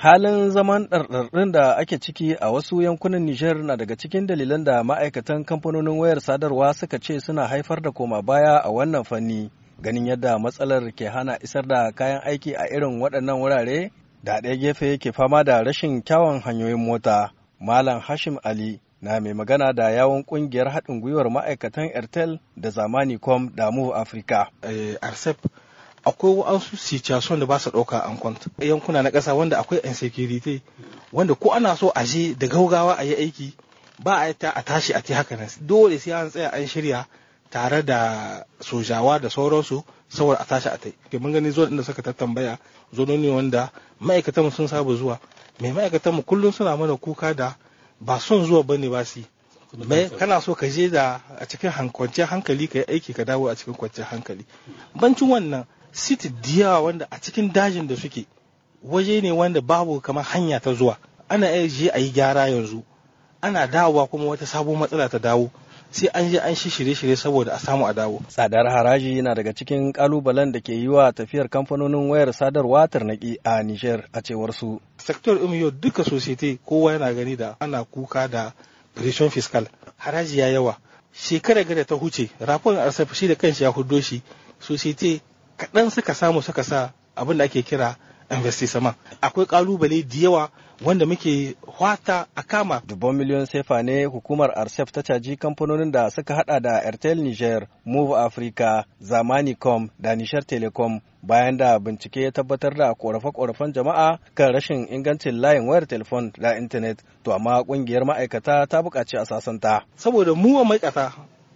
Halin zaman ɗarɗarɗin da ake ciki a wasu yankunan Nijar na daga cikin dalilan da ma'aikatan kamfanonin wayar sadarwa suka ce suna haifar da koma baya a wannan fanni. Ganin yadda matsalar ke hana isar da kayan aiki a irin waɗannan wurare da ɗaya gefe ke fama da rashin kyawun hanyoyin mota. Malam Hashim Ali na mai magana da yawon ƙungiyar haɗin gwiwar ma'aikatan airtel da zamani com da Afirka. Eh, akwai wasu situation da ba su ɗauka an kwanta yankuna na ƙasa wanda akwai insecurity wanda ko ana so a je da gaugawa a yi aiki ba a ta a tashi a ta haka nan dole sai an tsaya an shirya tare da sojawa da sauransu saboda a tashi a tai ke mun gani zuwa da suka tattambaya zono ne wanda ma'aikatan sun saba zuwa mai ma'aikatan mu kullum suna mana kuka da ba son zuwa bane ba su mai kana so ka je da a cikin kwanciyar hankali ka yi aiki ka dawo a cikin kwanciyar hankali bancin wannan city diyawa wanda a cikin dajin da suke waje ne wanda babu kamar hanya ta zuwa ana iya je a yi gyara yanzu ana dawowa kuma wata sabon matsala ta dawo sai an je an shi shirye-shirye saboda a samu a dawo. Tsadar haraji yana daga cikin kalubalen da ke yi wa tafiyar kamfanonin wayar sadarwa tarnaki a Nijar a cewar su. Sektor yau duka sosai kowa yana gani da ana kuka da pression fiscal haraji ya yawa. Shekara gada ta huce rapon arsafi shi da kanshi ya hudo shi sosai kaɗan suka samu suka sa abin da ake kira investissement akwai ƙalubale da yawa wanda muke hwata a kama dubban miliyon sefa ne hukumar arsef ta caji kamfanonin da suka hada da airtel niger move africa zamanicom da nishar telecom bayan da bincike ya tabbatar da korafe-korafen jama'a kan rashin ingancin layin wayar telefon da intanet to amma kungiyar ma'aikata ta buƙaci a sasanta saboda mu ma'aikata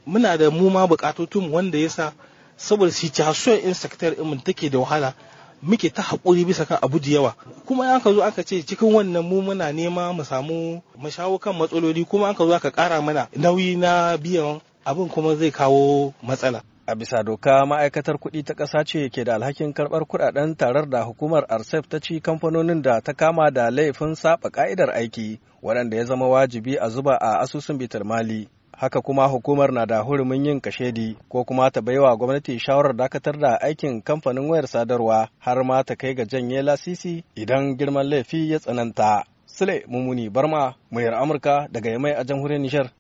muna da mu ma bukatutun wanda yasa saboda situation in sakatare mun take da wahala muke ta haƙuri bisa kan abu da yawa kuma ya ka zo aka ce cikin wannan mu muna nema mu samu mu shawo kan matsaloli kuma aka zo aka ƙara mana nauyi na biyan abin kuma zai kawo matsala a bisa doka ma'aikatar kuɗi ta ƙasa ce ke da alhakin karɓar kuɗaɗen tarar da hukumar arsef ta ci kamfanonin da ta kama da laifin saba ka'idar aiki waɗanda ya zama wajibi a zuba a asusun bitar mali haka kuma hukumar na da hurumin yin kashedi ko kuma ta baiwa gwamnati shawarar dakatar da aikin kamfanin wayar sadarwa har ma ta kai ga janye lasisi idan girman laifi ya tsananta. Sule Mumuni Barma, muryar Amurka daga Yamai a jamhuriyar Nijar.